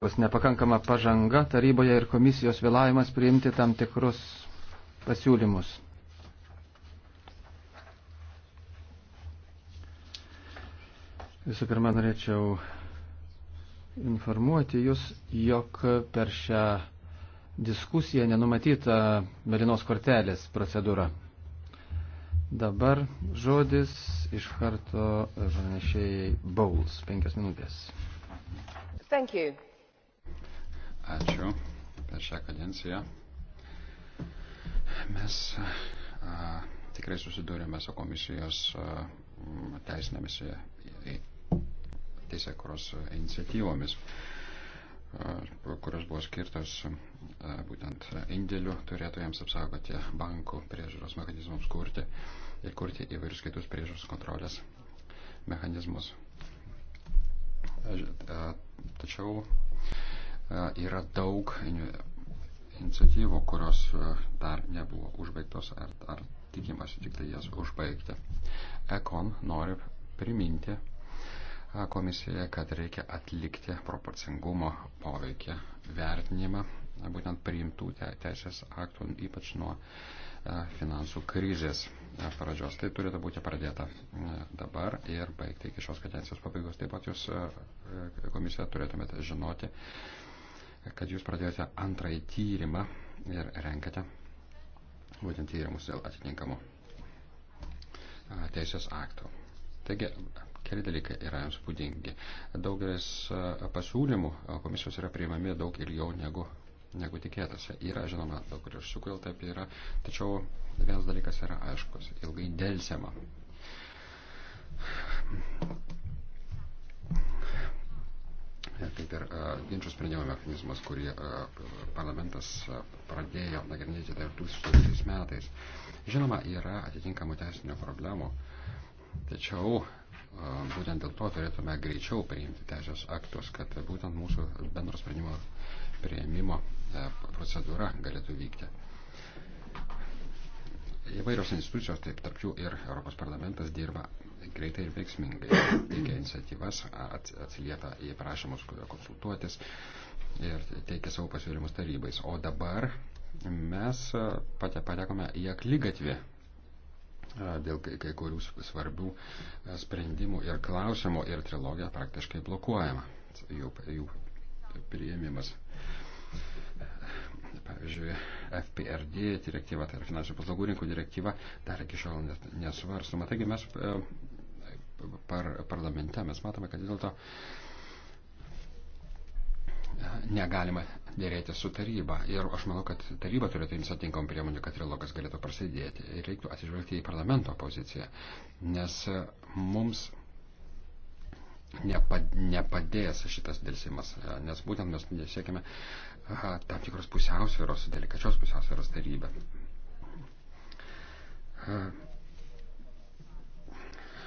Pas nepakankama pažanga taryboje ir komisijos vėlavimas priimti tam tikrus pasiūlymus. Visų pirma, norėčiau informuoti Jūs, jog per šią diskusiją nenumatyta melinos kortelės procedūra. Dabar žodis iš karto pranešėjai Bauls, penkias minutės. Thank you. Ačiū per šią kadenciją. Mes a, tikrai susidūrėme su komisijos a, teisinėmis e, e, teisėkuros iniciatyvomis, a, kurios buvo skirtos a, būtent indėlių turėtojams apsaugoti bankų priežiūros mechanizmams kurti ir kurti įvairius kitus priežiūros kontrolės mechanizmus. Tačiau E, yra daug iniciatyvų, kurios e, dar nebuvo užbaigtos ar, ar tikimasi tik tai jas užbaigti. Ekon nori priminti e, komisijoje, kad reikia atlikti proporcingumo poveikį vertinimą, būtent priimtų teisės aktų, ypač nuo finansų krizės pradžios. Tai turėtų būti pradėta dabar ir baigti iki šios kadencijos pabaigos. Taip pat jūs komisija turėtumėte žinoti, kad jūs pradėjote antrąjį tyrimą ir renkate būtent tyrimus dėl atitinkamų teisės aktų. Taigi, keli dalykai yra jums būdingi. Daugelis pasiūlymų komisijos yra priimami daug ilgiau negu, negu tikėtasi. Yra, žinoma, daug priežasčių, kodėl taip yra, tačiau vienas dalykas yra aiškus - ilgai dėlsiama kaip e, ir e, ginčių sprendimo mechanizmas, kurį e, parlamentas pradėjo nagrinėti dar 2000 metais. Žinoma, yra atitinkamų teisinio problemų, tačiau būtent dėl to turėtume greičiau priimti teisės aktus, kad būtent mūsų bendro sprendimo prieimimo procedūra galėtų vykti. Įvairios institucijos, taip tarp jų ir Europos parlamentas, dirba greitai ir veiksmingai teikia iniciatyvas, atsiliepia į prašymus konsultuotis ir teikia savo pasiūlymus tarybais. O dabar mes patekome į aklygatvį dėl kai kurių svarbių sprendimų ir klausimų ir trilogija praktiškai blokuojama jų, jų priėmimas. Pavyzdžiui, FPRD direktyva, tai yra finansinių paslaugų rinkų direktyva, dar iki šiol nesvarstoma. Taigi mes par, parlamente mes matome, kad vis dėlto e, negalima dėrėti su taryba. Ir aš manau, kad taryba turėtų imtis atinkamų priemonių, kad trilogas galėtų prasidėti. Ir reiktų atsižvelgti į parlamento poziciją. Nes e, mums nepadės šitas dėlsimas, e, nes būtent mes nesiekime tam tikros pusiausvėros, delikačios pusiausvėros tarybę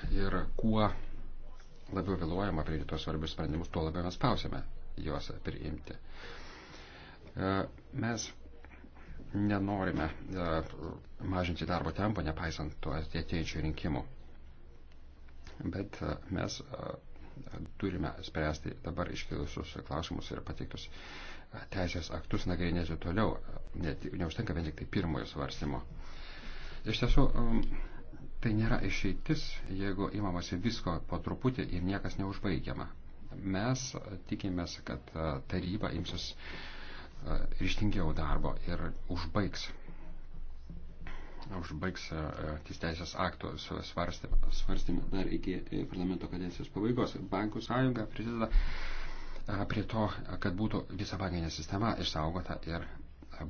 ir kuo labiau vėluojama prie tos svarbius sprendimus, tuo labiau mes spausime juos priimti. E, mes nenorime e, mažinti darbo tempo, nepaisant to atėjančių rinkimų. Bet e, mes turime spręsti dabar iškilusius klausimus ir pateiktus teisės aktus nagrinėti toliau. Net, neužtenka vien tik tai pirmojo svarstymo. Iš tiesų, Tai nėra išeitis, jeigu įmamasi visko po truputį ir niekas neužbaigiama. Mes tikimės, kad e, taryba imsis e, ryštingiau darbo ir užbaigs, užbaigs e, tis teisės aktų svarstymą dar iki parlamento kadencijos pabaigos. Bankų sąjunga prisideda prie to, kad būtų visa bankinė sistema išsaugota ir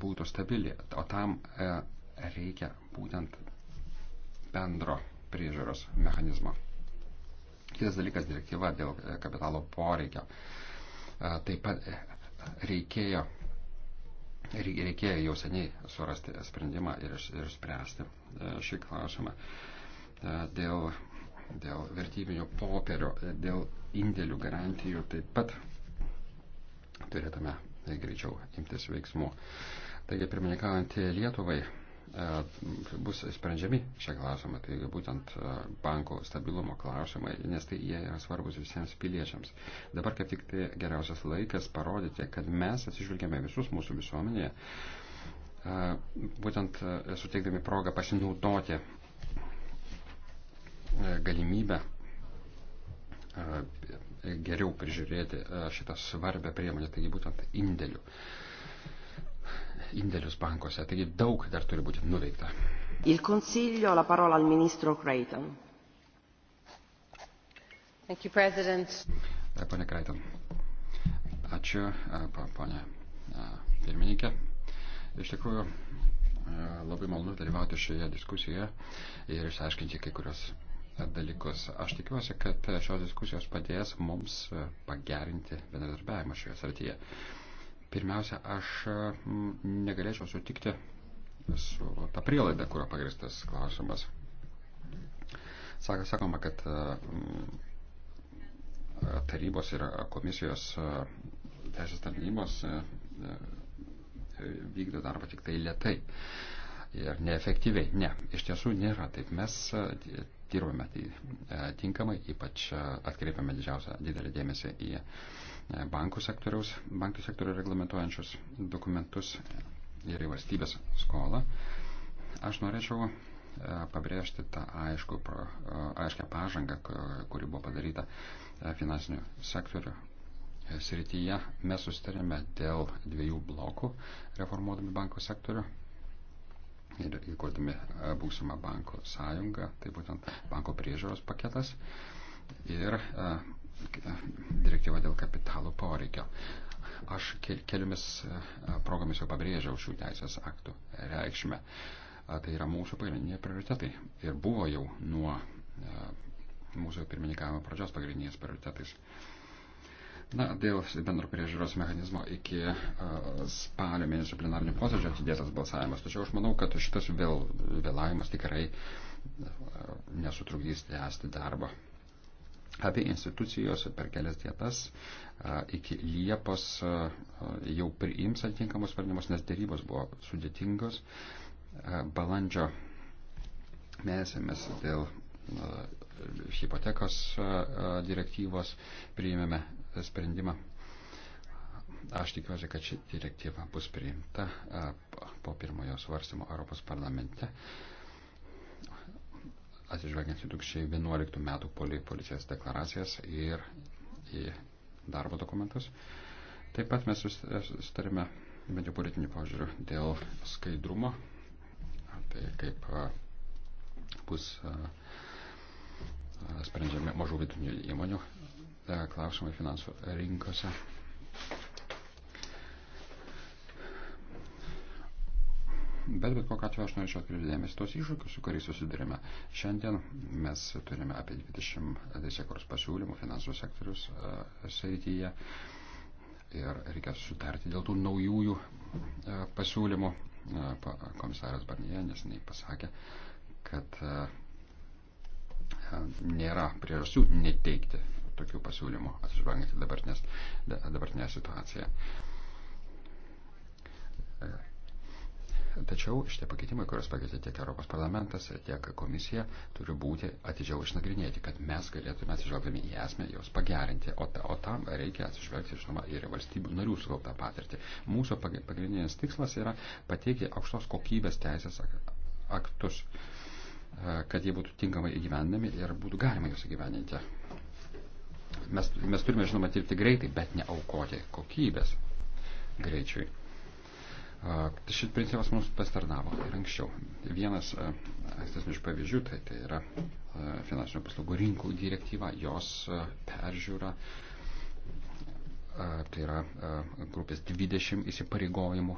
būtų stabili. O tam reikia būtent bendro priežiūros mechanizmo. Kitas dalykas direktyva dėl e, kapitalo poreikio. E, taip pat e, reikėjo, reikėjo jau seniai surasti sprendimą ir, ir spręsti šį klausimą dėl, dėl vertybinio popierio, dėl indėlių garantijų taip pat turėtume greičiau imtis veiksmų. Taigi, pirmininkaujant Lietuvai, E, bus sprendžiami šie klausimai, tai būtent e, banko stabilumo klausimai, nes tai jie yra svarbus visiems piliečiams. Dabar kaip tik tai geriausias laikas parodyti, kad mes atsižvelgiame visus mūsų visuomenėje, e, būtent suteikdami progą pasinaudoti galimybę geriau prižiūrėti šitą svarbę priemonę, taigi būtent indėlių indėlius bankuose. Taigi daug dar turi būti nuveikta. Il consiglio la parola al ministro Creighton. Thank you, President. E, pone Creighton. Ačiū, e, ponė e, pirmininkė. Iš tikrųjų, labai malonu dalyvauti šioje diskusijoje ir išsiaiškinti kai kurios dalykus. Aš tikiuosi, kad šios diskusijos padės mums pagerinti bendradarbiavimą šioje srityje. Pirmiausia, aš negalėčiau sutikti su tą prielaidą, kurio pagristas klausimas. Saka, sakoma, kad tarybos ir komisijos teisės tarnybos e, e, vykdo darbą tik tai lietai ir neefektyviai. Ne, iš tiesų nėra taip. Mes dirbame tai e, tinkamai, ypač e, atkreipiame didžiausią didelį dėmesį į e, bankų sektoriaus, bankų sektorių reglamentuojančius dokumentus ir į valstybės skolą. Aš norėčiau pabrėžti tą aišku, aiškę pažangą, kuri buvo padaryta finansinių sektorių srityje. Mes sustarėme dėl dviejų blokų reformuodami bankų sektorių ir įkurdami e, būsimą banko sąjungą, tai būtent banko priežiūros paketas ir e, direktyva dėl kapitalo poreikio. Aš keliomis e, progomis jau pabrėžiau šių teisės aktų reikšmę. Tai yra mūsų pagrindiniai prioritetai. Ir buvo jau nuo mūsų pirmininkavimo pradžios pagrindiniais prioritetais. Na, dėl bendro priežiūros mechanizmo iki uh, spalio mėnesio plenarnių posėdžio atidėtas balsavimas. Tačiau aš manau, kad šitas vėl, vėlavimas tikrai uh, nesutrukdys tęsti darbą. Abi institucijos per kelias dietas uh, e, iki Liepos uh, jau priims atitinkamus sprendimus, nes dėrybos buvo sudėtingos. Uh, balandžio mėnesį mes dėl. Uh, hipotekos direktyvos priėmėme sprendimą. Aš tikiuosi, kad ši direktyva bus priimta po pirmojo svarstymo Europos parlamente, atsižvelgiant į 2011 metų policijos deklaracijas ir į darbo dokumentus. Taip pat mes susitarime bent jau politinių požiūrių dėl skaidrumo, tai kaip bus sprendžiami mažų vidutinių įmonių klausimai finansų rinkose. Bet bet kokią atveju aš norėčiau atkreipti dėmesį tos iššūkius, su kuriais susidurime. Šiandien mes turime apie 20 teisėkors pasiūlymų finansų sektorius e, srityje ir reikia sutarti dėl tų naujųjų e, pasiūlymų. E, komisaras Barnie nesinai pasakė, kad nėra priežasčių neteikti tokių pasiūlymų, atsižvelgiant į dabartinę situaciją. Tačiau šitie pakeitimai, kuriuos pakeitė tiek Europos parlamentas, tiek komisija, turi būti atidžiau išnagrinėti, kad mes galėtume atsižvelgdami į esmę jos pagerinti. O, ta, o tam reikia atsižvelgti, žinoma, ir valstybių narių sukauptą patirtį. Mūsų pagrindinis tikslas yra pateikti aukštos kokybės teisės aktus, e, kad jie būtų tinkamai įgyvendami ir būtų galima juos įgyvendinti. Mes, mes turime, žinoma, dirbti greitai, bet ne aukoti kokybės greičiui. Tai šit principas mums pastarnavo ir anksčiau. Vienas ankstesnių iš pavyzdžių, tai, tai yra finansinių paslaugų rinkų direktyva, jos peržiūra tai yra grupės 20 įsipareigojimų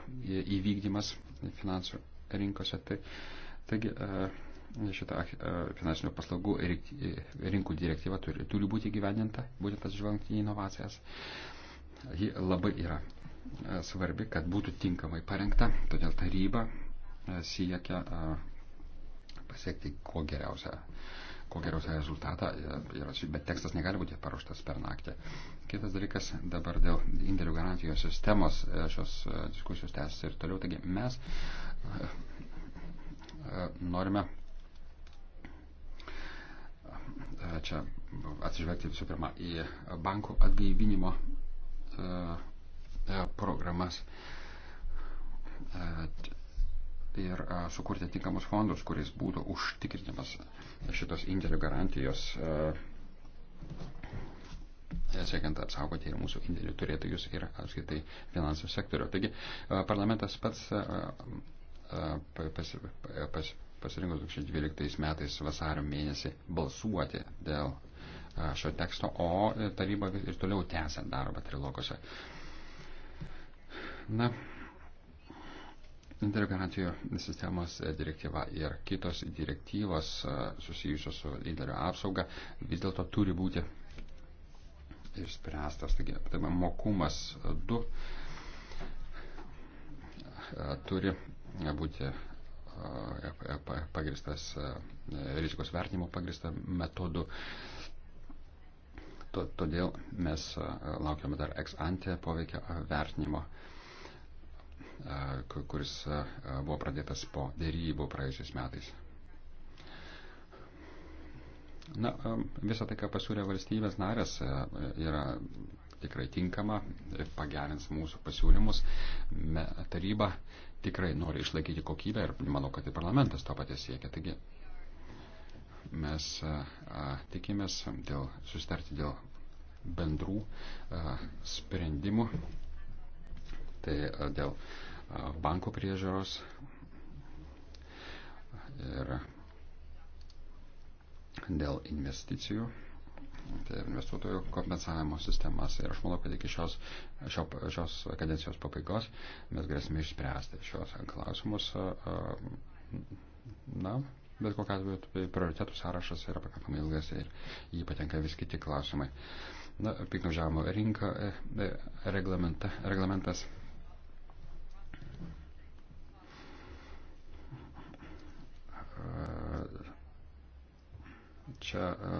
įvykdymas finansų rinkose. Tai, taigi šita e, finansinių paslaugų e, rinkų direktyva turi, turi būti gyveninta, būtent atsižvelgiant į inovacijas. Ji labai yra e, svarbi, kad būtų tinkamai parengta, todėl taryba siekia pasiekti kuo geriausią kuo geriausią rezultatą, bet tekstas negali būti paruoštas per naktį. Kitas dalykas dabar dėl indėlių garantijos sistemos šios diskusijos tęsiasi ir toliau. Taigi mes norime čia atsižvelgti visų pirma į bankų atgaivinimo e, e, programas e, ir sukurti tinkamus fondus, kuris būtų užtikrinimas šitos indėlių garantijos, siekiant apsaugoti ir mūsų indėlių turėtojus ir apskaitai finansų sektorių. Taigi parlamentas pats pas, pas, pasirinko 2012 metais vasario mėnesį balsuoti dėl šio teksto, o e, taryba ir toliau tęsia darbą trilogose. Na, integracijų sistemos e, direktyva ir kitos direktyvos susijusios su lyderio apsauga vis dėlto turi būti išspręstas. Taigi, tai mokumas 2 turi būti pagristas e, rizikos vertinimo pagristą metodų. Todėl mes e, laukiame dar ex ante poveikio e, vertinimo, kuris buvo pradėtas po dėrybų praėjusiais metais. Na, visą tai, ką pasiūlė valstybės narės, yra tikrai tinkama ir pagerins mūsų pasiūlymus. Me, taryba tikrai nori išlaikyti kokybę ir manau, kad ir parlamentas to paties siekia. Taigi mes a, a, tikimės dėl, susitarti dėl bendrų a, sprendimų. Tai a, dėl a, bankų priežiūros ir dėl investicijų tai investuotojų kompensavimo sistemas. Ir aš manau, kad iki šios, šio, šios kadencijos pabaigos mes galėsime išspręsti šios klausimus. Na, bet kokia atveju tai prioritetų sąrašas yra pakankamai ilgas ir jį patenka vis kiti klausimai. Na, piknaudžiavimo rinka, e, e, reglamenta, reglamentas Čia e,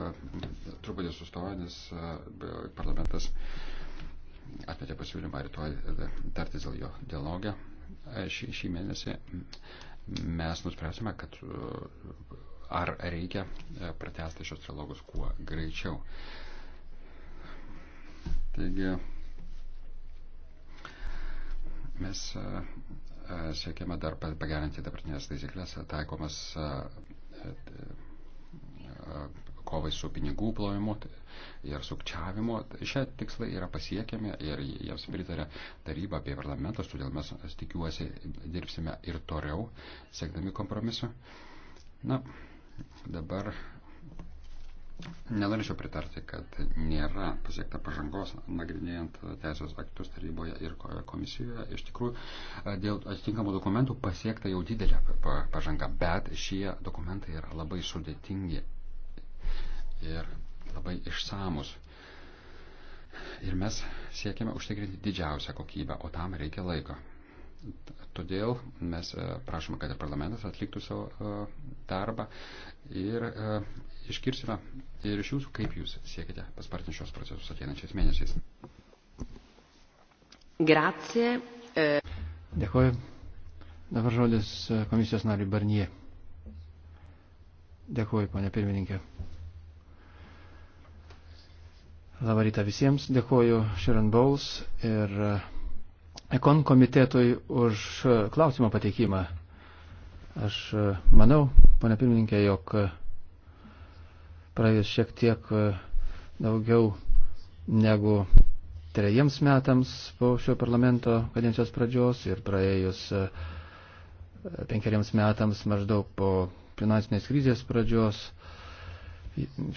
truputį sustojo, nes e, parlamentas atmetė pasiūlymą rytoj e, tartis dėl jo dialogę. Šį, šį mėnesį mes nuspręsime, kad ar reikia pratesti šios trilogus kuo greičiau. Taigi, mes siekiame dar pagerinti dabartinės taisyklės, taikomas kovai su pinigų plovimu ir sukčiavimu. Šie tikslai yra pasiekiami ir jiems pritarė taryba bei parlamentas, todėl mes, aš tikiuosi, dirbsime ir toliau, siekdami kompromisu. Na, dabar nenorėčiau pritarti, kad nėra pasiekta pažangos nagrinėjant teisės aktus taryboje ir komisijoje. Iš tikrųjų, dėl atitinkamų dokumentų pasiekta jau didelė pažanga, bet šie dokumentai yra labai sudėtingi ir labai išsamus. Ir mes siekiame užtikrinti didžiausią kokybę, o tam reikia laiko. Todėl mes e, prašome, kad ir parlamentas atliktų savo e, darbą ir e, iškirsime ir iš jūsų, kaip jūs siekite paspartinti šios procesus ateinančiais mėnesiais. Gracija. Dėkuoju. Dabar žodis komisijos nariui Barnie. Dėkuoju, ponė pirmininkė. Labą rytą visiems. Dėkuoju Sharon Bowles ir Ekon komitetui už e, klausimą pateikimą. Aš e, manau, pane pirmininkė, jog e, praėjus šiek tiek daugiau negu trejiems metams po šio parlamento kadencijos pradžios ir praėjus penkeriems metams maždaug po finansinės krizės pradžios,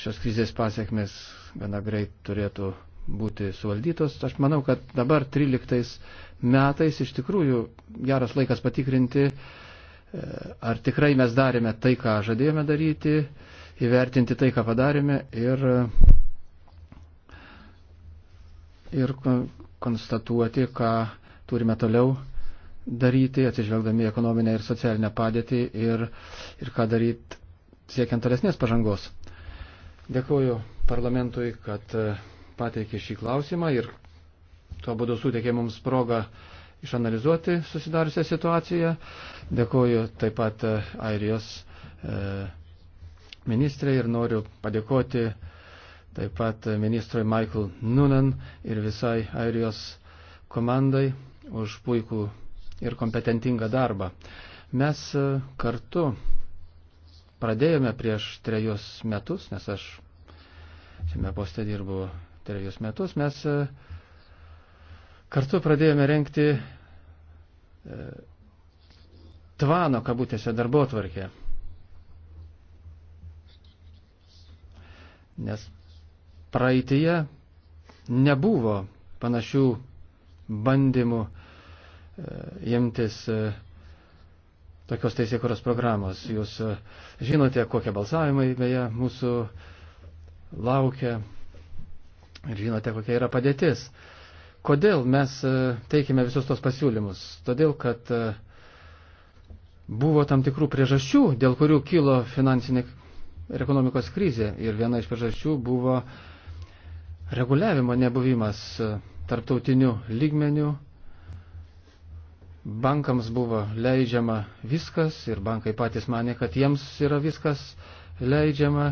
šios krizės pasiekmes gana greit turėtų būti suvaldytos. Aš manau, kad dabar 13 metais iš tikrųjų geras laikas patikrinti, e, ar tikrai mes darėme tai, ką žadėjome daryti, įvertinti tai, ką padarėme ir, ir konstatuoti, ką turime toliau daryti, atsižvelgdami ekonominę ir socialinę padėtį ir, ir ką daryti siekiant tolesnės pažangos. Dėkuoju parlamentui, kad e, pateikė šį klausimą ir tuo būdu suteikė mums progą išanalizuoti susidariusią situaciją. Dėkuoju taip pat e, Airijos e, ministrė ir noriu padėkoti taip pat ministrui Michael Noonan ir visai Airijos komandai už puikų ir kompetentingą darbą. Mes kartu pradėjome prieš trejus metus, nes aš šiame poste dirbu trejus metus, mes e, kartu pradėjome renkti e, tvano kabutėse darbo tvarkė. Nes praeitėje nebuvo panašių bandymų e, imtis e, tokios teisėkuros programos. Jūs e, žinote, kokie balsavimai beje mūsų laukia ir žinote, kokia yra padėtis. Kodėl mes e, teikime visus tos pasiūlymus? Todėl, kad e, buvo tam tikrų priežasčių, dėl kurių kilo finansinė ir ekonomikos krizė. Ir viena iš priežasčių buvo reguliavimo nebuvimas tarptautiniu lygmeniu bankams buvo leidžiama viskas ir bankai patys mane, kad jiems yra viskas leidžiama.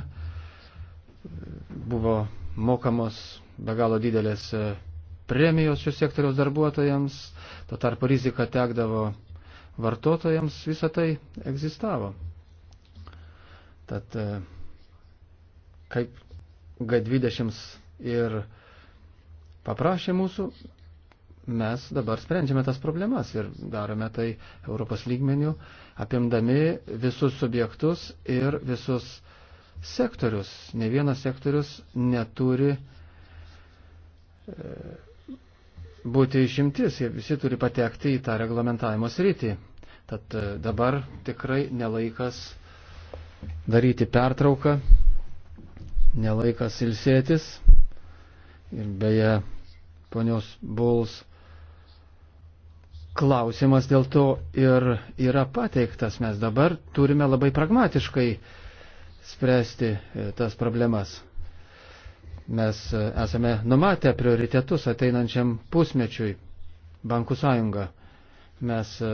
Buvo mokamos be galo didelės e, premijos šios sektoriaus darbuotojams, to tarp rizika tekdavo vartotojams, visa tai egzistavo. Tad e, kaip G20 ir paprašė mūsų, mes dabar sprendžiame tas problemas ir darome tai Europos lygmenių, apimdami visus subjektus ir visus sektorius. Ne vienas sektorius neturi e, būti išimtis, jie visi turi patekti į tą reglamentavimo sritį. Tad e, dabar tikrai nelaikas daryti pertrauką, nelaikas ilsėtis. Ir beje, ponios Buls klausimas dėl to ir yra pateiktas. Mes dabar turime labai pragmatiškai spręsti e, tas problemas. Mes e, esame numatę prioritetus ateinančiam pusmečiui Bankų sąjunga. Mes e,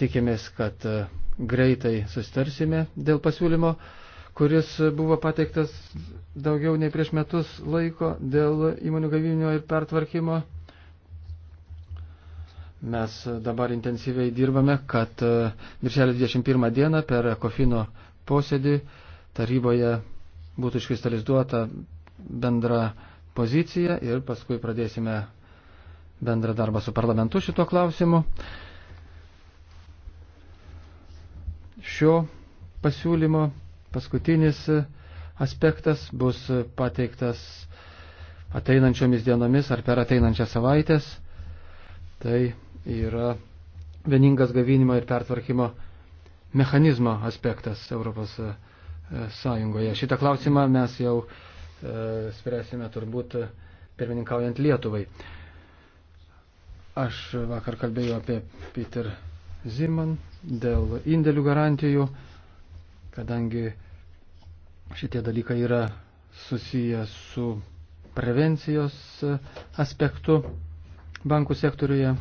tikimės, kad greitai sustarsime dėl pasiūlymo, kuris buvo pateiktas daugiau nei prieš metus laiko dėl įmonių gavinio ir pertvarkymo Mes dabar intensyviai dirbame, kad e, birželio 21 dieną per Kofino posėdį taryboje būtų iškristalizuota bendra pozicija ir paskui pradėsime bendrą darbą su parlamentu šito klausimu. Šio pasiūlymo paskutinis aspektas bus pateiktas ateinančiomis dienomis ar per ateinančią savaitės. Tai yra vieningas gavinimo ir pertvarkymo mechanizmo aspektas Europos e, Sąjungoje. Šitą klausimą mes jau e, spręsime turbūt pirmininkaujant Lietuvai. Aš vakar kalbėjau apie Peter Ziman dėl indėlių garantijų, kadangi šitie dalykai yra susiję su prevencijos aspektu bankų sektoriuje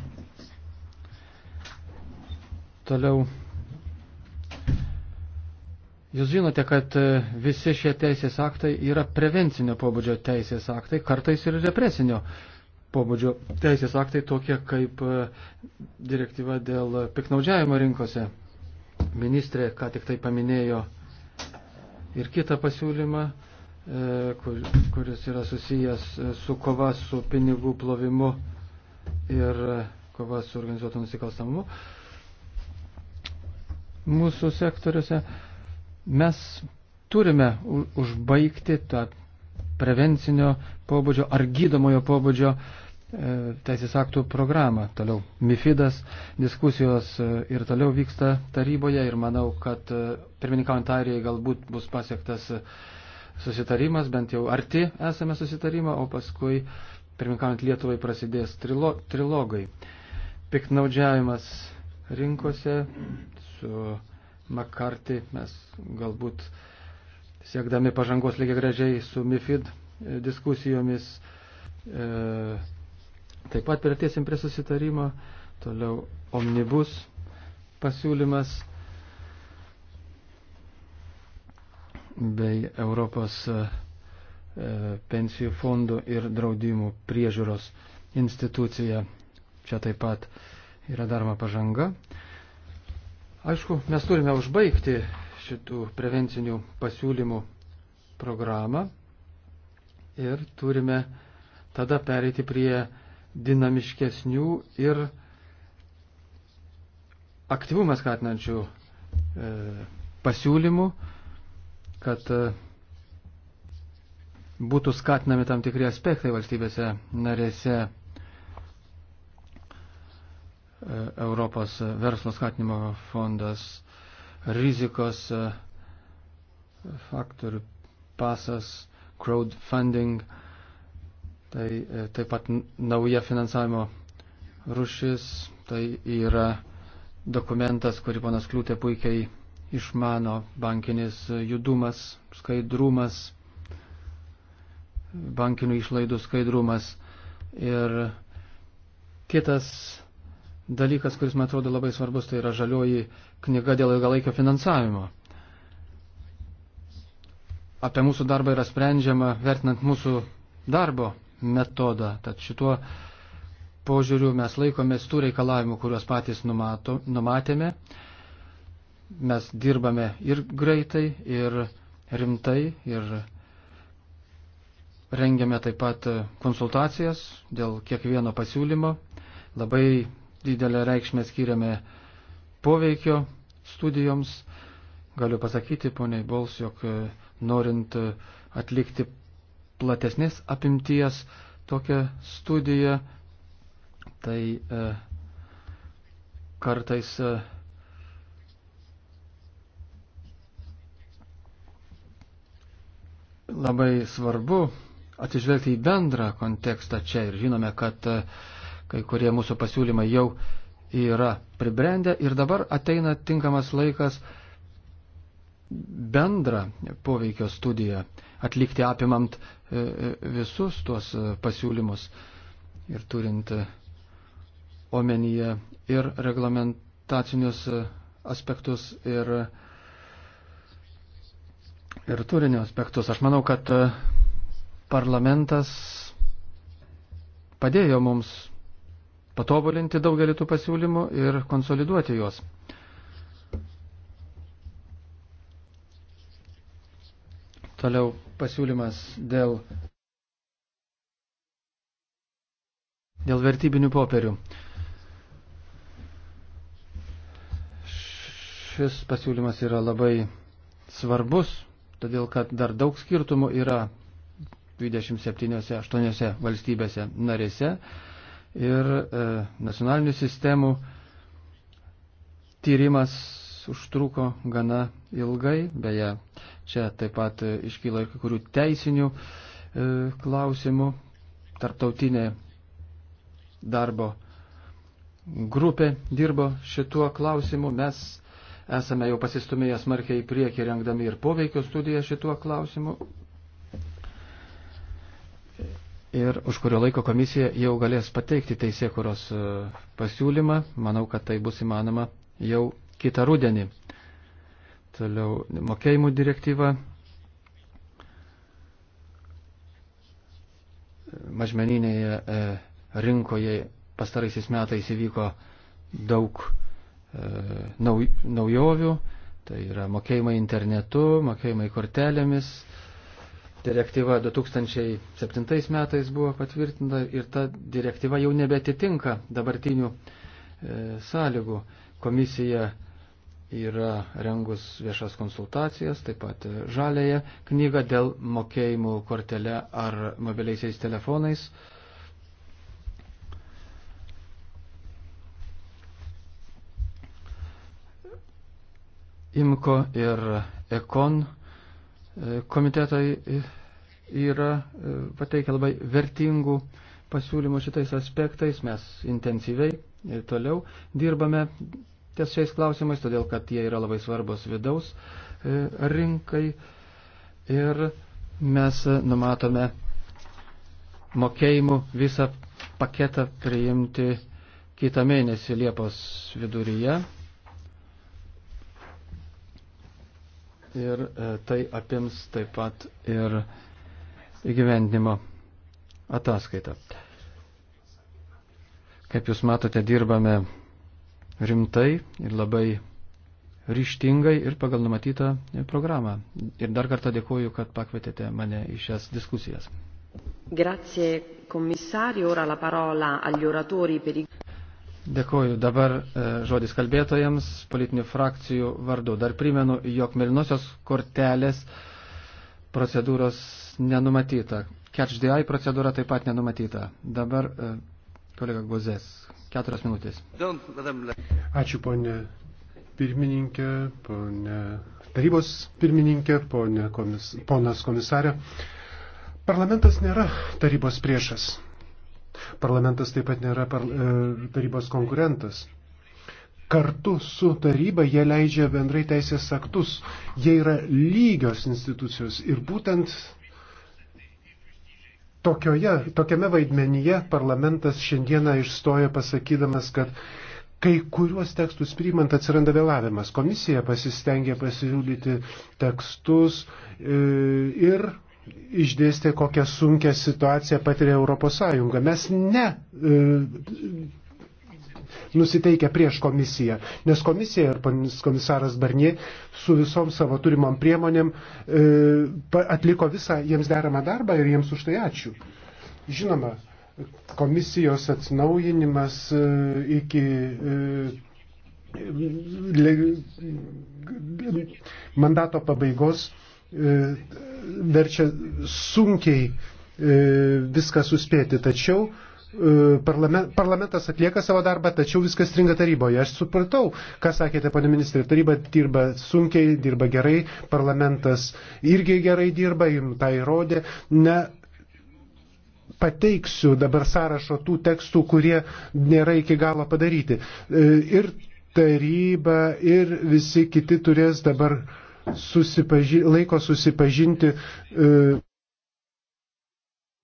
Toliau. Jūs žinote, kad e, visi šie teisės aktai yra prevencinio pobūdžio teisės aktai, kartais ir represinio pobūdžio teisės aktai tokie kaip e, direktyva dėl piknaudžiavimo rinkose. Ministrė ką tik tai paminėjo ir kitą pasiūlymą, e, kuris yra susijęs su kova su pinigų plovimu ir kova su organizuotu nusikalstamumu mūsų sektoriuose, mes turime užbaigti tą prevencinio pobūdžio ar gydomojo pobūdžio e, teisės aktų programą. Toliau MIFIDAS diskusijos e, ir toliau vyksta taryboje ir manau, kad e, pirmininkaujant arijai galbūt bus pasiektas susitarimas, bent jau arti esame susitarimą, o paskui pirmininkaujant Lietuvai prasidės trilo, trilogai. Piktnaudžiavimas rinkose, su Makarti mes galbūt siekdami pažangos lygiai gražiai su MIFID e, diskusijomis e, taip pat prieartėsim prie susitarimo. Toliau omnibus pasiūlymas bei Europos e, e, pensijų fondų ir draudimų priežiūros institucija. Čia taip pat yra daroma pažanga. E, Aišku, mes turime užbaigti šitų prevencinių pasiūlymų programą ir turime tada pereiti prie dinamiškesnių ir aktyvumą skatinančių e, pasiūlymų, kad e, būtų skatinami tam tikri aspektai valstybėse narėse E, Europos verslo skatinimo fondas, rizikos e, faktorių pasas, crowdfunding, tai e, taip pat nauja finansavimo rušis, tai yra dokumentas, kurį ponas Kliūtė puikiai išmano, bankinis judumas, skaidrumas, bankinių išlaidų skaidrumas ir kitas dalykas, kuris man atrodo labai svarbus, tai yra žalioji knyga dėl ilgalaikio finansavimo. Apie mūsų darbą yra sprendžiama vertinant mūsų darbo metodą. Tad šituo požiūriu mes laikomės tų reikalavimų, kuriuos patys numato, numatėme. Mes dirbame ir greitai, ir rimtai, ir rengiame taip pat konsultacijas dėl kiekvieno pasiūlymo. Labai didelę reikšmę skiriame poveikio studijoms. Galiu pasakyti, poniai Bols, jog e, norint e, atlikti platesnės apimties tokią studiją, tai e, kartais e, labai svarbu atsižvelgti į bendrą kontekstą čia ir žinome, kad e, kai kurie mūsų pasiūlymai jau yra pribrendę ir dabar ateina tinkamas laikas bendrą poveikio studiją atlikti apimant e, e, visus tuos e, pasiūlymus ir turint omenyje ir reglamentacinius aspektus ir, ir turinio aspektus. Aš manau, kad parlamentas padėjo mums patobulinti daugelį tų pasiūlymų ir konsoliduoti juos. Toliau pasiūlymas dėl, dėl vertybinių popierių. Šis pasiūlymas yra labai svarbus, todėl kad dar daug skirtumų yra 27-8 valstybėse narėse ir e, nacionalinių sistemų tyrimas užtruko gana ilgai, beje, čia taip pat e, iškyla ir kai kurių teisinių e, klausimų, tarptautinė darbo grupė dirbo šituo klausimu, mes esame jau pasistumėję smarkiai į priekį rengdami ir poveikio studiją šituo klausimu, ir už kurio laiko komisija jau galės pateikti teisėkuros e, pasiūlymą. Manau, kad tai bus įmanoma jau kitą rudenį. Toliau mokėjimų direktyva. Mažmeninėje e, rinkoje pastaraisiais metais įvyko daug e, naujovių. Tai yra mokėjimai internetu, mokėjimai kortelėmis, direktyva 2007 metais buvo patvirtinta ir ta direktyva jau nebetitinka dabartinių e, sąlygų. Komisija yra rengus viešas konsultacijas, taip pat e, žalėje knygą dėl mokėjimų kortelė ar mobiliaisiais telefonais. Imko ir Ekon komitetai yra e, pateikę labai vertingų pasiūlymų šitais aspektais. Mes intensyviai ir toliau dirbame ties šiais klausimais, todėl kad jie yra labai svarbus vidaus e, rinkai. Ir mes numatome mokėjimų visą paketą priimti kitą mėnesį Liepos viduryje. ir e, tai apims taip pat ir įgyvendimo ataskaitą. Kaip jūs matote, dirbame rimtai ir labai ryštingai ir pagal numatytą programą. Ir dar kartą dėkuoju, kad pakvietėte mane į šias diskusijas. Grazie, komisario. Ora la parola agli oratori per i... Dėkuoju. Dabar e, žodis kalbėtojams politinių frakcijų vardu. Dar primenu, jog mėlynosios kortelės procedūros nenumatyta. Catch the eye procedūra taip pat nenumatyta. Dabar e, kolega Gozės. Keturios minutės. Ačiū, ponė pirmininkė, ponė tarybos pirmininkė, ponė komis, ponas komisarė. Parlamentas nėra tarybos priešas. Parlamentas taip pat nėra par, e, tarybos konkurentas. Kartu su taryba jie leidžia bendrai teisės aktus. Jie yra lygios institucijos ir būtent tokioje, tokiame vaidmenyje parlamentas šiandieną išstoja pasakydamas, kad kai kuriuos tekstus priimant atsiranda vėlavimas. Komisija pasistengė pasiūlyti tekstus e, ir išdėstė, kokią sunkę situaciją patiria Europos Sąjunga. Mes ne e, nusiteikę prieš komisiją, nes komisija ir komisaras Barnie su visom savo turimam priemonėm e, atliko visą jiems deramą darbą ir jiems už tai ačiū. Žinoma, komisijos atsinaujinimas e, iki. E, mandato pabaigos E, verčia sunkiai e, viską suspėti. Tačiau e, parlamentas atlieka savo darbą, tačiau viskas stringa taryboje. Aš supratau, ką sakėte, pane ministrė, taryba dirba sunkiai, dirba gerai, parlamentas irgi gerai dirba, jums tai įrodė. Ne, pateiksiu dabar sąrašo tų tekstų, kurie nėra iki galo padaryti. Ir taryba, ir visi kiti turės dabar uh, susipaži, laiko susipažinti e,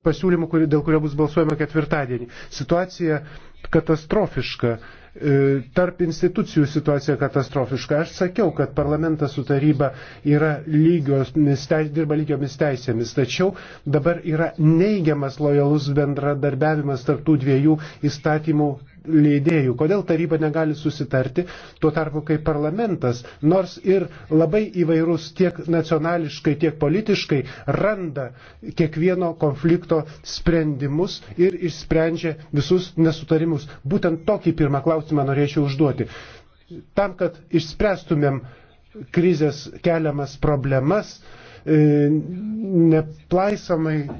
pasiūlymų, kuri, dėl kurio bus balsuojama ketvirtadienį. Situacija katastrofiška, e, tarp institucijų situacija katastrofiška. Aš sakiau, kad parlamentas su taryba yra lygios, teis, dirba lygiomis teisėmis, tačiau dabar yra neigiamas lojalus bendradarbiavimas tarptų dviejų įstatymų leidėjų. Kodėl taryba negali susitarti, tuo tarpu kaip parlamentas, nors ir labai įvairus tiek nacionališkai, tiek politiškai, randa kiekvieno konflikto sprendimus ir išsprendžia visus nesutarimus. Būtent tokį pirmą klausimą norėčiau užduoti. Tam, kad išspręstumėm krizės keliamas problemas, uh, E,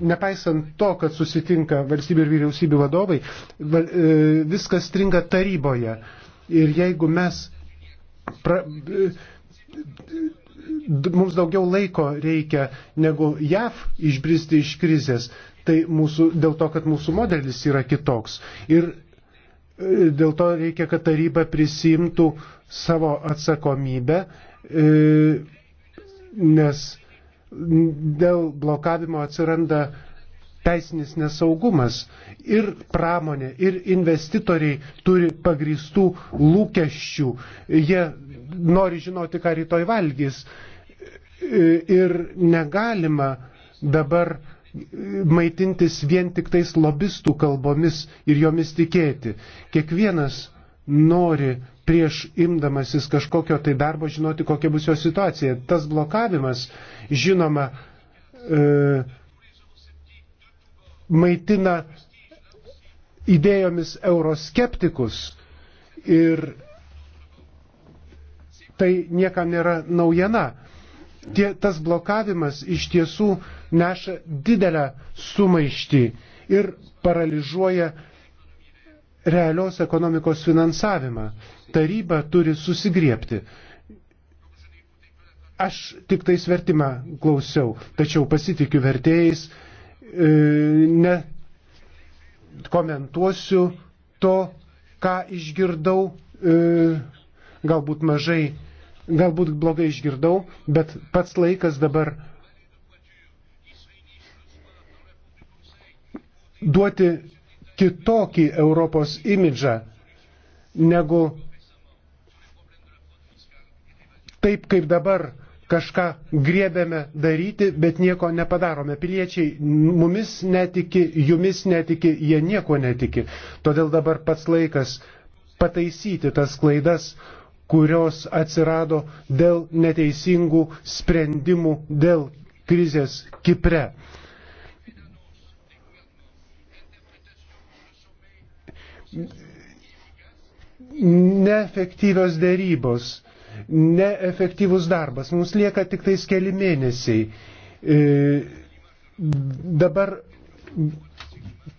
nepaisant to, kad susitinka valstybių ir vyriausybių vadovai, e, viskas stringa taryboje. Ir jeigu mes. Pra, mums daugiau laiko reikia negu JAV išbristi iš krizės, tai mūsų, dėl to, kad mūsų modelis yra kitoks. Ir e, dėl to reikia, kad taryba prisimtų savo atsakomybę, nes dėl blokavimo atsiranda teisinis nesaugumas. Ir pramonė, ir investitoriai turi pagristų lūkesčių. Jie nori žinoti, ką rytoj valgys. Ir negalima dabar maitintis vien tik tais lobistų kalbomis ir jomis tikėti. Kiekvienas nori prieš imdamasis kažkokio tai darbo žinoti, kokia bus jo situacija. Tas blokavimas, žinoma, e, maitina idėjomis euroskeptikus ir tai niekam nėra naujiena. Tie, tas blokavimas iš tiesų neša didelę sumaištį ir paralyžiuoja realios ekonomikos finansavimą taryba turi susigriepti. Aš tik tais vertimą klausiau, tačiau pasitikiu vertėjais, e, ne komentuosiu to, ką išgirdau, e, galbūt mažai, galbūt blogai išgirdau, bet pats laikas dabar duoti kitokį Europos imidžą negu taip kaip dabar kažką griebėme daryti, bet nieko nepadarome. Piliečiai mumis netiki, jumis netiki, jie nieko netiki. Todėl dabar pats laikas pataisyti tas klaidas, kurios atsirado dėl neteisingų sprendimų, dėl krizės Kipre. Neefektyvios dėrybos neefektyvus darbas. Mums lieka tik tais keli mėnesiai. E, dabar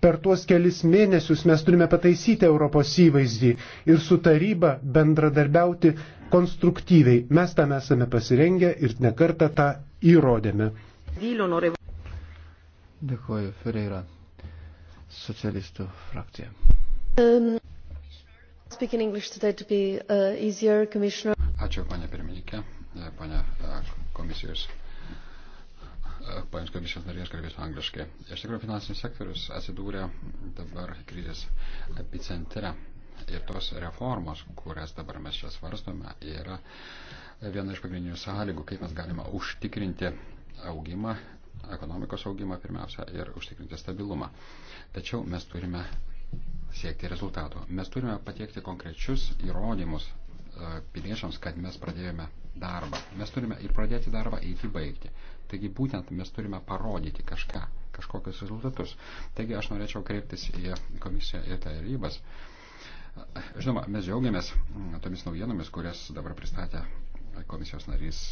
per tuos kelis mėnesius mes turime pataisyti Europos įvaizdį ir su taryba bendradarbiauti konstruktyviai. Mes tam esame pasirengę ir nekartą tą įrodėme. Dėkuoju, Ferreira, socialistų frakcija. Um, Ačiū, panė pirmininkė, panė komisijos. Paėms komisijos narės kalbėsiu angliškai. Iš tikrųjų, finansinis sektorius atsidūrė dabar krizės epicentre. Ir tos reformos, kurias dabar mes čia svarstome, yra viena iš pagrindinių sąlygų, kaip mes galime užtikrinti augimą, ekonomikos augimą pirmiausia ir užtikrinti stabilumą. Tačiau mes turime siekti rezultato. Mes turime patiekti konkrečius įrodymus E, piliečiams, kad mes pradėjome darbą. Mes turime ir pradėti darbą, eiti baigti. Taigi būtent mes turime parodyti kažką, kažkokius rezultatus. Taigi aš norėčiau kreiptis į komisiją ir tarybas. Žinoma, mes džiaugiamės mm, tomis naujienomis, kurias dabar pristatė komisijos narys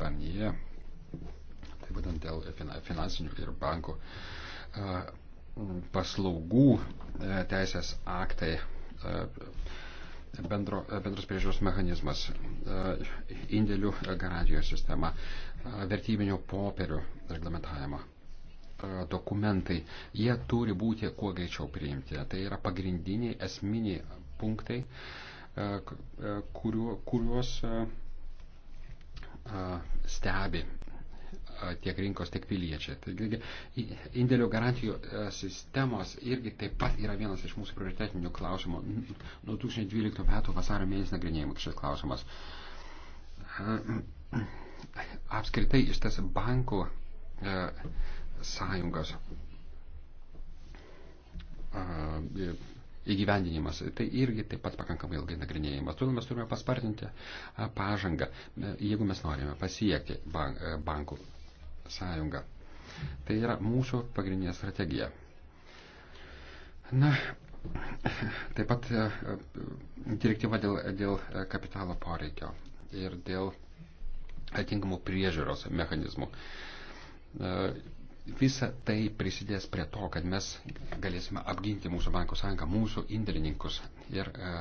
Parnyje. E, tai būtent dėl finansinių ir bankų e, paslaugų teisės aktai bendro, bendros priežiūros mechanizmas, e, indėlių e, garantijos sistema, e, vertybinio popierių reglamentavimo dokumentai, jie turi būti kuo greičiau priimti. Tai yra pagrindiniai, esminiai punktai, kuriuos stebi tiek rinkos, tiek piliečiai. Taigi, indėlių garantijų sistemos irgi taip pat yra vienas iš mūsų prioritetinių klausimų. Nuo 2012 metų vasario mėnesį nagrinėjimų šis klausimas. Apskritai iš tas bankų sąjungos įgyvendinimas. Tai irgi taip pat pakankamai ilgai nagrinėjimas. Todėl mes turime paspartinti pažangą, jeigu mes norime pasiekti bankų sąjungą. Tai yra mūsų pagrindinė strategija. Na, taip pat e, direktyva dėl, dėl kapitalo poreikio ir dėl atitinkamų priežiūros mechanizmų. E, visa tai prisidės prie to, kad mes galėsime apginti mūsų bankų sąjungą, mūsų indėlininkus ir e,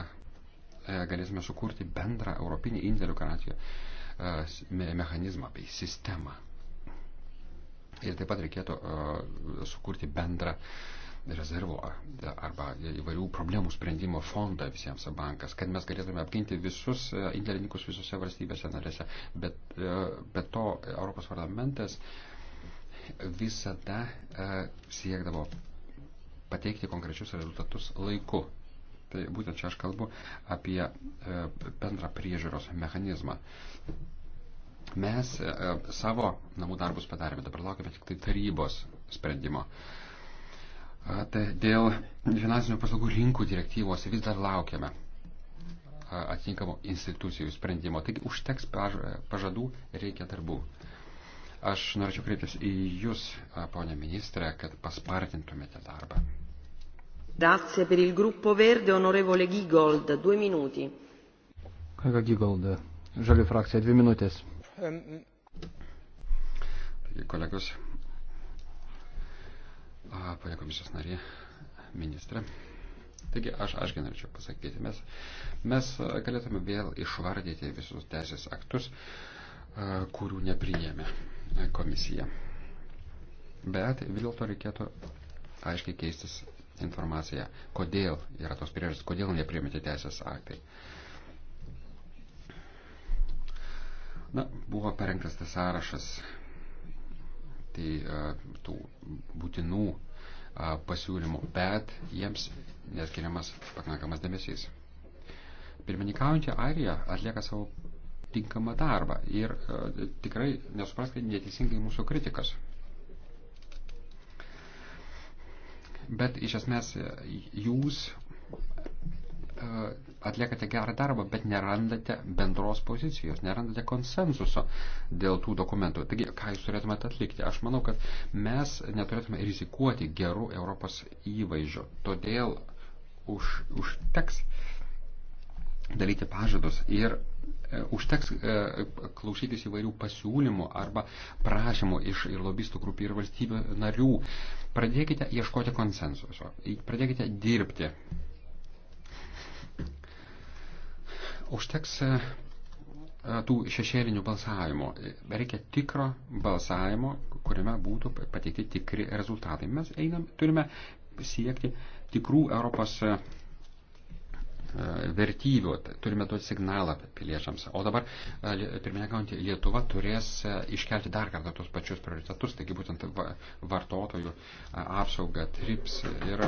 galėsime sukurti bendrą europinį indėlių garantijų mechanizmą bei sistemą. Ir taip pat reikėtų sukurti bendrą rezervo arba įvairių problemų sprendimo fondą visiems bankas, kad mes galėtume apginti visus indėlininkus visose valstybėse narėse. Bet be to Europos parlamentas visada siekdavo pateikti konkrečius rezultatus laiku. Tai būtent čia aš kalbu apie bendrą priežiūros mechanizmą. Mes e, e, savo namų darbus padarėme, dabar laukime tik tai tarybos sprendimo. Tai dėl finansinių paslaugų rinkų direktyvos vis dar laukiame atitinkamo institucijų sprendimo. Taigi užteks pažadų, reikia darbų. Aš norėčiau kreiptis į Jūs, ponė ministrė, kad paspartintumėte darbą. Grazie per il gruppo verde, onorevole Gigold, due minuti. Kolega Gigold, žalių frakcija, dvi minutės. Taigi, kolegos, ponia komisijos narė, ministrė. Taigi aš, aš norėčiau pasakyti, mes, mes galėtume vėl išvardyti visus teisės aktus, kurių neprijėmė komisija. Bet vis dėlto reikėtų aiškiai keistis informaciją, kodėl yra tos priežastys, kodėl neprijėmėte teisės aktai. Uh, Na, buvo parengtas tas sąrašas tai, e, tų būtinų e, pasiūlymų, bet jiems neskiriamas pakankamas dėmesys. Pirmininkaujantį Airiją atlieka savo tinkamą darbą ir e, tikrai nesupraskite neteisingai mūsų kritikas. Bet iš esmės e, jūs e, atliekate gerą darbą, bet nerandate bendros pozicijos, nerandate konsensuso dėl tų dokumentų. Taigi, ką jūs turėtumėte atlikti? Aš manau, kad mes neturėtume rizikuoti gerų Europos įvaizdžių. Todėl už, užteks dalyti pažadus ir e, užteks e, klausytis įvairių pasiūlymų arba prašymų iš ir lobistų grupių ir valstybių narių. Pradėkite ieškoti konsensuso, pradėkite dirbti. Užteks e, tų šešėlinių balsavimų. Reikia tikro balsavimo, kuriame būtų pateikti tikri rezultatai. Mes einam, turime siekti tikrų Europos e, vertybių, turime duoti signalą piliečiams. O dabar, e, pirmininkaujant, Lietuva turės iškelti dar kartą tos pačius prioritetus, taigi būtent vartotojų apsauga, trips ir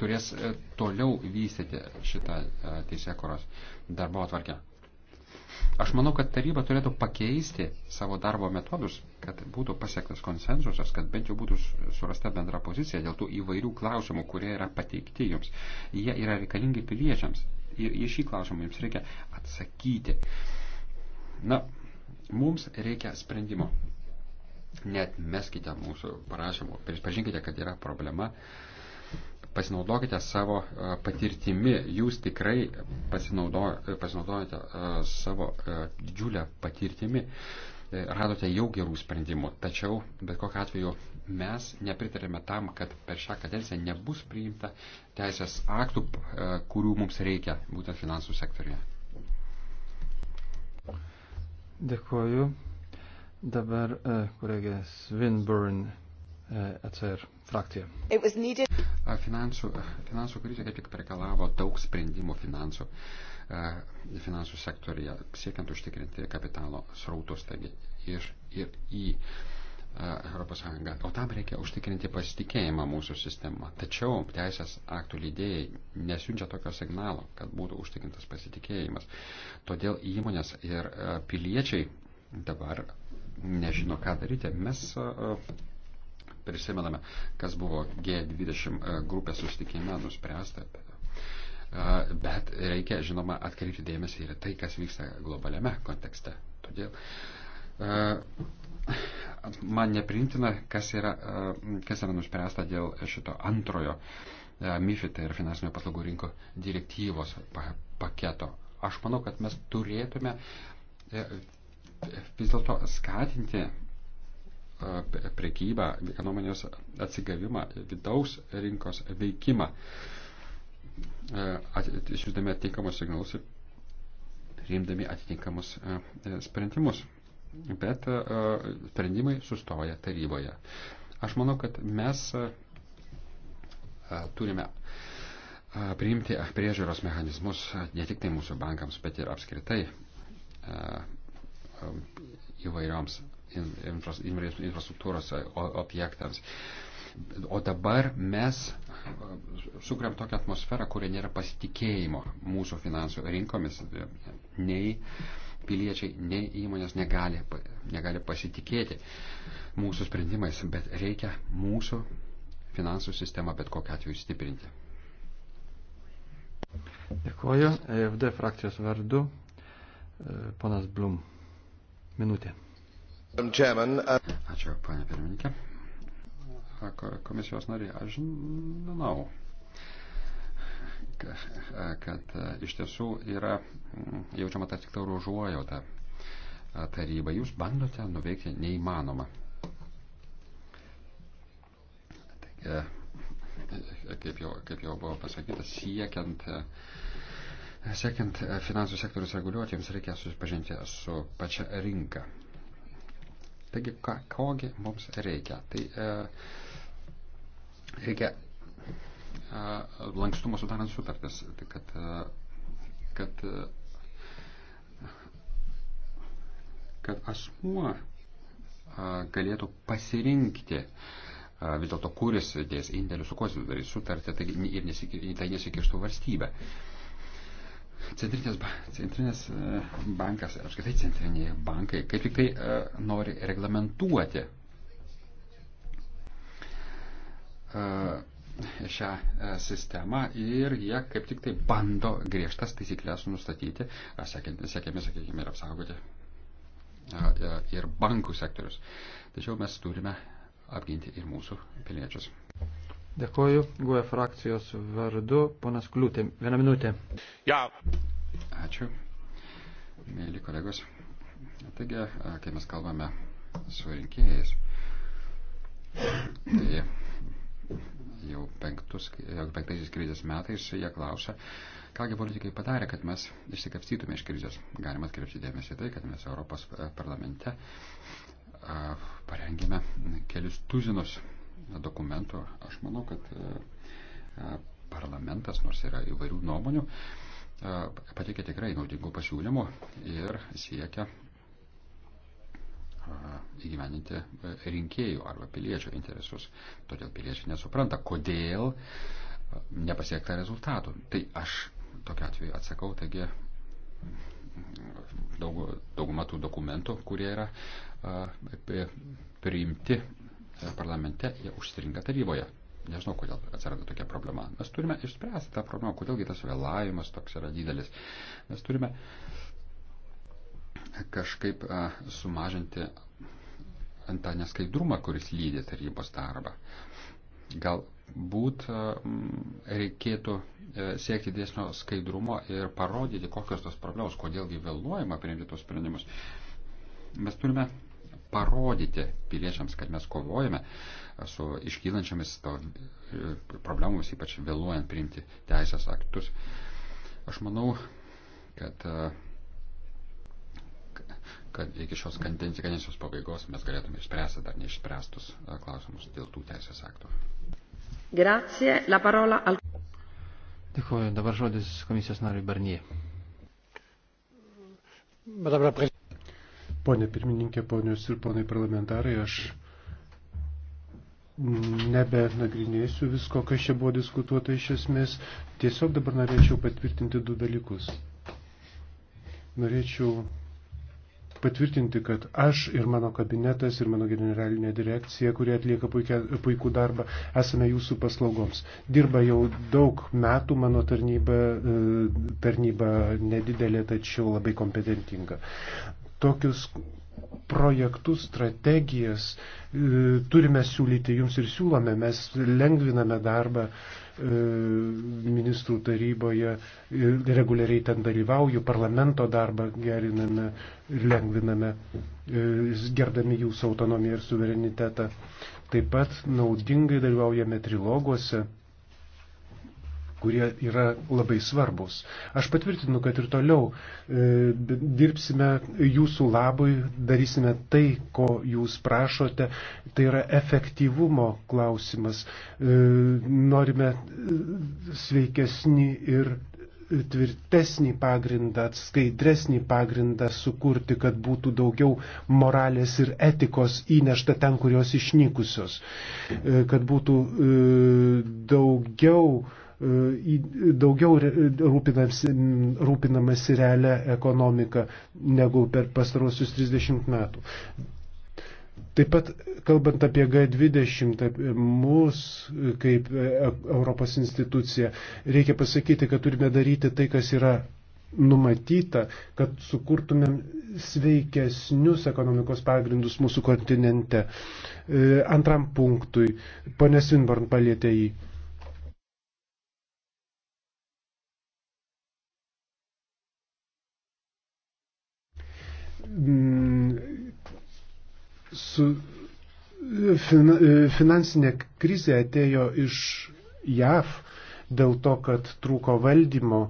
turės e, toliau vystyti šitą e, teisėkuros darbo atvarkę. Aš manau, kad taryba turėtų pakeisti savo darbo metodus, kad būtų pasiektas konsensusas, kad bent jau būtų surasta bendra pozicija dėl tų įvairių klausimų, kurie yra pateikti jums. Jie yra reikalingi piliečiams. Ir į šį klausimą jums reikia atsakyti. Na, mums reikia sprendimo. Net meskite mūsų parašymų. Pripažinkite, kad yra problema. Uh, Pasinaudokite savo e, patirtimi, jūs tikrai e, pasinaudojate e, savo didžiulę patirtimi, radote jau gerų sprendimų. Tačiau, bet kokiu atveju, mes nepritarėme tam, kad per šią kadenciją nebus priimta teisės aktų, kurių mums reikia būtent finansų sektoriuje. Dėkuoju. Dabar kolegė Svinburn. ECR e frakcija. Finansų, finansų krizė kaip tik prekalavo daug sprendimų finansų, e, finansų sektorija, siekiant užtikrinti kapitalo srautus, taigi iš ir į. E, Europos Sąjunga. O tam reikia užtikrinti pasitikėjimą mūsų sistema. Tačiau teisės aktų lydėjai nesiunčia tokio signalo, kad būtų užtikrintas pasitikėjimas. Todėl įmonės ir piliečiai dabar nežino, ką daryti. Mes prisimename, kas buvo G20 e, grupės susitikime nuspręsta. E, bet reikia, žinoma, atkreipti dėmesį ir tai, kas vyksta globaliame kontekste. Todėl e, man neprintina, kas yra, kas yra nuspręsta dėl šito antrojo MIFID tai ir finansinio paslaugų rinko direktyvos paketo. Aš manau, kad mes turėtume vis dėlto skatinti prekybą, ekonominės atsigavimą, vidaus rinkos veikimą, išsiūsdami atitinkamus signalus ir priimdami atitinkamus sprendimus. Bet sprendimai sustoja taryboje. Aš manau, kad mes turime priimti priežiūros mechanizmus ne tik tai mūsų bankams, bet ir apskritai įvairioms infras, infrastruktūros e, objektams. O dabar mes e, sukuriam tokią atmosferą, kuria nėra pasitikėjimo mūsų finansų rinkomis. Nei piliečiai, nei įmonės negali, negali pasitikėti mūsų sprendimais, bet reikia mūsų finansų sistemą bet kokiu atveju stiprinti. Dėkuoju. EFD frakcijos vardu. E, ponas Blum. Minutė. Uh, Ačiū, panė pirmininkė. Komisijos nariai, aš žinau, kad iš tiesų yra jaučiama ta tik taurų užuojauta taryba. Jūs bandote nuveikti neįmanomą. Taigi, kaip jau, kaip jau buvo pasakyta, siekiant Siekiant finansų sektorius reguliuoti, jums reikia susipažinti su pačia rinka. Taigi, ką, kogi mums reikia? Tai e, reikia e, lankstumo sudarant sutartis, tai kad, e, kad, e, kad asmuo e, galėtų pasirinkti e, vis dėlto, kuris dės indėlius, su kuo sudarys sutartį, tai, ir nesiki, tai nesikištų valstybė. E, Centrinės, centrinės e, bankas, apskritai centriniai bankai, kaip tik tai e, nori reglamentuoti e, šią sistemą ir jie kaip tik tai bando griežtas taisyklės nustatyti, sėkėme, sakykime, ir apsaugoti ir bankų sektorius. Tačiau mes turime apginti ir mūsų piliečius. Dėkoju, GUE frakcijos vardu, ponas Kliūtė. Vieną minutę. Ja. Ačiū, mėly kolegos. Taigi, kai mes kalbame su rinkėjais, tai jau penktus, penktaisiais krizės metais jie klausia, kągi politikai padarė, kad mes išsikapstytume iš krizės. Galima atkreipti dėmesį tai, kad mes Europos parlamente parengėme kelius tuzinus dokumentų, aš manau, kad e, parlamentas, nors yra įvairių nuomonių, e, pateikė tikrai naudingų pasiūlymų ir siekia e, įgyveninti rinkėjų arba piliečių interesus. Todėl piliečiai nesupranta, kodėl nepasiekta rezultatų. Tai aš tokiu atveju atsakau, taigi daug, dauguma tų dokumentų, kurie yra priimti parlamente, jie užsirinka taryboje. Nežinau, kodėl atsirado tokia problema. Mes turime išspręsti tą problemą, kodėlgi tas vėlavimas toks yra didelis. Mes turime kažkaip sumažinti tą neskaidrumą, kuris lydė tarybos darbą. Galbūt reikėtų e, siekti dėsnio skaidrumo ir parodyti, kokios tos problemos, kodėlgi vėluojama priimti tos sprendimus. Mes turime parodyti piliečiams, kad mes kovojame su iškylančiamis e, problemomis, ypač vėluojant priimti teisės aktus. Aš manau, kad, e, kad iki šios kadencijos pabaigos mes galėtume išspręsti dar neišspręstus e, klausimus dėl tų teisės aktų. Grazie, la parola al... Dėkuoju, dabar žodis komisijos nariui Barnie. Madame la Présidente, Pone pirmininkė, ponios ir ponai parlamentarai, aš nebenagrinėsiu visko, kas čia buvo diskutuota iš esmės. Tiesiog dabar norėčiau patvirtinti du dalykus. Norėčiau patvirtinti, kad aš ir mano kabinetas ir mano generalinė direkcija, kurie atlieka puikia, puikų darbą, esame jūsų paslaugoms. Dirba jau daug metų mano tarnyba, e, tarnyba nedidelė, tačiau labai kompetentinga tokius projektus, strategijas e, turime siūlyti jums ir siūlome, mes lengviname darbą e, ministrų taryboje, e, reguliariai ten dalyvauju, parlamento darbą geriname ir lengviname, gerdami jūsų autonomiją ir suverenitetą. Taip pat naudingai dalyvaujame triloguose kurie yra labai svarbus. Aš patvirtinu, kad ir toliau e, dirbsime jūsų labui, darysime tai, ko jūs prašote. Tai yra efektyvumo klausimas. E, norime e, sveikesnį ir tvirtesnį pagrindą, skaidresnį pagrindą sukurti, kad būtų daugiau moralės ir etikos įnešta ten, kurios išnykusios, e, kad būtų e, daugiau daugiau rūpinamasi realią ekonomiką negu per pastarosius 30 metų. Taip pat, kalbant apie G20, apie mus kaip e, Europos instituciją, reikia pasakyti, kad turime daryti tai, kas yra numatyta, kad sukurtumėm sveikesnius ekonomikos pagrindus mūsų kontinente. E, antram punktui, ponė Svinborn palėtė jį. Mm, su e, fin, e, finansinė krizė atėjo iš JAV dėl to, kad trūko valdymo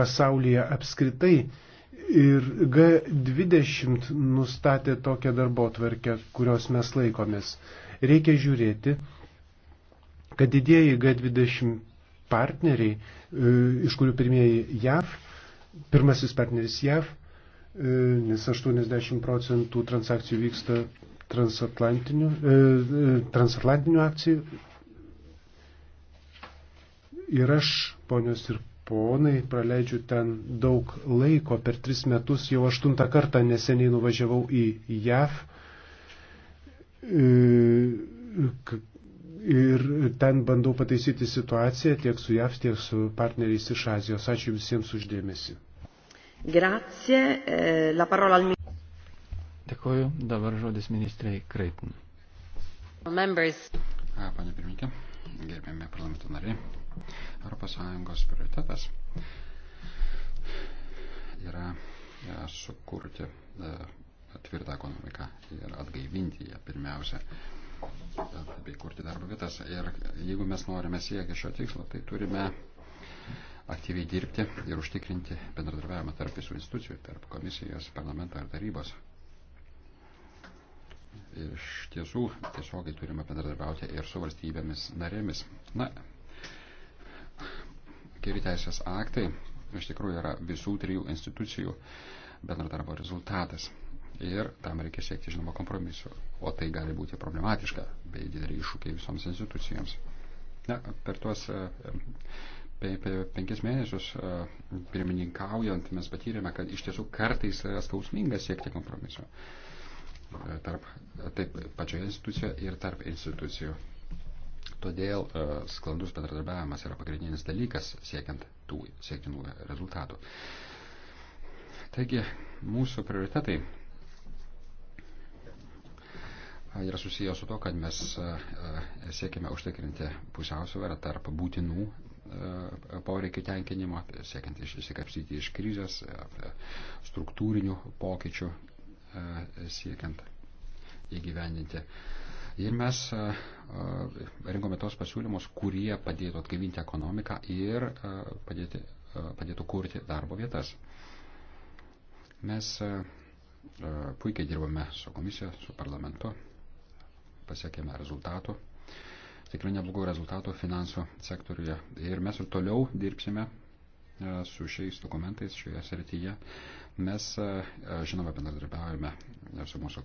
pasaulyje apskritai. Ir G20 nustatė tokią darbo tvarkę, kurios mes laikomės. Reikia žiūrėti, kad didieji G20 partneriai, e, iš kurių pirmieji JAV, pirmasis partneris JAV, E, nes 80 procentų transakcijų vyksta transatlantinių, e, e, transatlantinių akcijų. Ir aš, ponios ir ponai, praleidžiu ten daug laiko, per tris metus jau aštuntą kartą neseniai nuvažiavau į JAV. Ir ten bandau pataisyti situaciją tiek su JAV, tiek su partneriais iš Azijos. Ačiū visiems uždėmesi. Grazie. Eh, la parola al ministro. Dėkuoju. Dabar žodis ministrai Kreitin. Members. Pane pirmininkė, gerbėme parlamento nariai. ES prioritetas yra e, sukurti e, tvirtą ekonomiką ir atgaivinti ją pirmiausia e, bei kurti darbo vietas. Ir jeigu mes norime siekti šio tikslo, tai turime aktyviai dirbti ir užtikrinti bendradarbiavimą tarp visų institucijų, tarp komisijos, parlamento ir tarybos. Ir iš tiesų tiesiogiai turime bendradarbiauti ir su valstybėmis narėmis. Na, keli teisės aktai iš tikrųjų yra visų trijų institucijų bendradarbo rezultatas. Ir tam reikia siekti, žinoma, kompromisu. O tai gali būti problematiška bei dideli iššūkiai visoms institucijoms. Na, per tuos penkis mėnesius e, pirmininkaujant mes patyrėme, kad iš tiesų kartais yra skausminga siekti kompromiso e, tarp taip, pačioje institucijoje ir tarp institucijų. Todėl e, sklandus bendradarbiavimas yra pagrindinis dalykas siekiant tų siekinų rezultatų. Taigi, mūsų prioritetai yra susijęs su to, kad mes siekime užtikrinti pusiausvyrą tarp būtinų E, poreikių tenkinimo, siekiant išsikapsyti iš krizės, e, struktūrinių pokyčių, e, siekiant įgyvendinti. Ir mes rinkome tos pasiūlymus, kurie padėtų atgaivinti ekonomiką ir padėti, padėtų kurti darbo vietas. Mes puikiai dirbame su komisija, su parlamentu, pasiekėme rezultatų tikrai neblogų rezultatų finansų sektoriuje. Ir mes ir toliau dirbsime e, su šiais dokumentais šioje srityje. Mes, e, e, žinoma, bendradarbiaujame su mūsų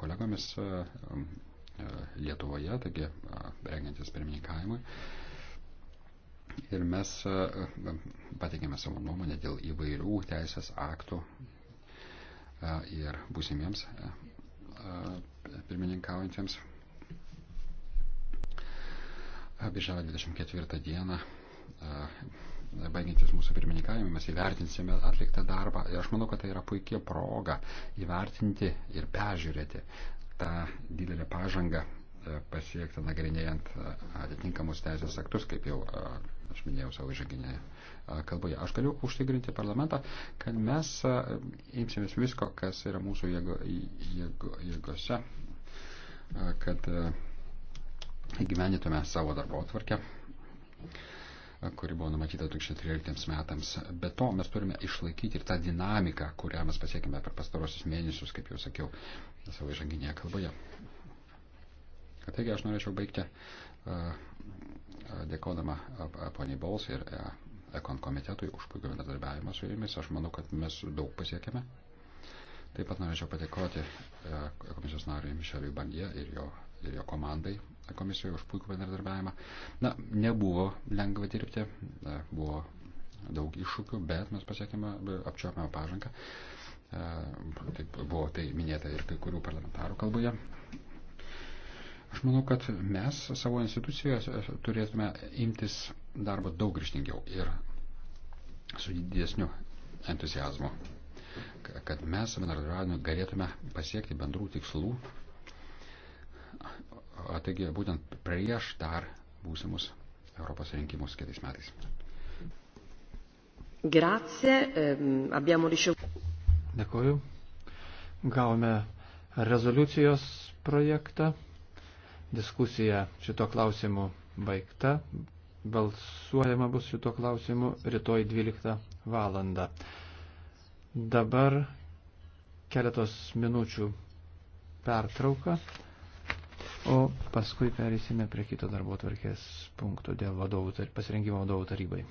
kolegomis Lietuvoje, taigi rengiantis pirmininkavimui. Ir mes pateikėme savo nuomonę dėl įvairių teisės aktų ir būsimiems pirmininkaujantiems Birželio 24 dieną, baigiantis mūsų pirmininkavimui, mes įvertinsime atliktą darbą ir aš manau, kad tai yra puikia proga įvertinti ir peržiūrėti tą didelę pažangą pasiekti nagrinėjant atitinkamus teisės aktus, kaip jau aš minėjau savo įžanginėje kalboje. Aš galiu užtikrinti parlamentą, kad mes imsimės visko, kas yra mūsų jėgose, kad įgyvenytume savo darbo atvarkę, kuri buvo numatyta 2013 metams. Be to, mes turime išlaikyti ir tą dinamiką, kurią mes pasiekime per pastarosius mėnesius, kaip jau sakiau savo įžanginėje kalboje. Taigi aš norėčiau baigti dėkodama poniai Bols ir Ekon komitetui už puikų bendradarbiavimą su jumis. Aš manau, kad mes daug pasiekėme. Taip pat norėčiau padėkoti komisijos nariui Mišeliui Bandie ir jo ir jo komandai komisijoje už puikų bendradarbiavimą. Na, nebuvo lengva dirbti, buvo daug iššūkių, bet mes pasiekėme apčiuopiamą pažangą. Taip buvo tai minėta ir kai kurių parlamentarų kalboje. Aš manau, kad mes savo institucijoje turėtume imtis darbo daug grįžtingiau ir su didesniu entuzijazmu, kad mes bendradarbiavime galėtume pasiekti bendrų tikslų taigi būtent prieš dar būsimus Europos rinkimus kitais metais. Grazie, ehm, abbiamo ricevuto. Dėkuoju. Gavome rezoliucijos projektą. Diskusija šito klausimu baigta. Balsuojama bus šito klausimu rytoj 12 valandą. Dabar keletos minučių pertrauka o paskui perėsime prie kito darbo tvarkės punkto dėl vadovų, pasirengimo vadovų tarybai.